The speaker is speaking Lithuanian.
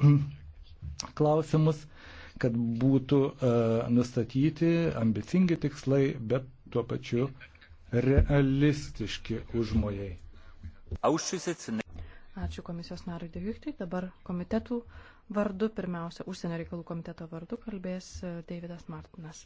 klausimus, kad būtų e, nustatyti ambicingi tikslai, bet tuo pačiu realistiški užmojai. Ačiū komisijos nariui Deviktui. Dabar komitetų vardu, pirmiausia, užsienio reikalų komiteto vardu kalbės e, Davidas Martinas.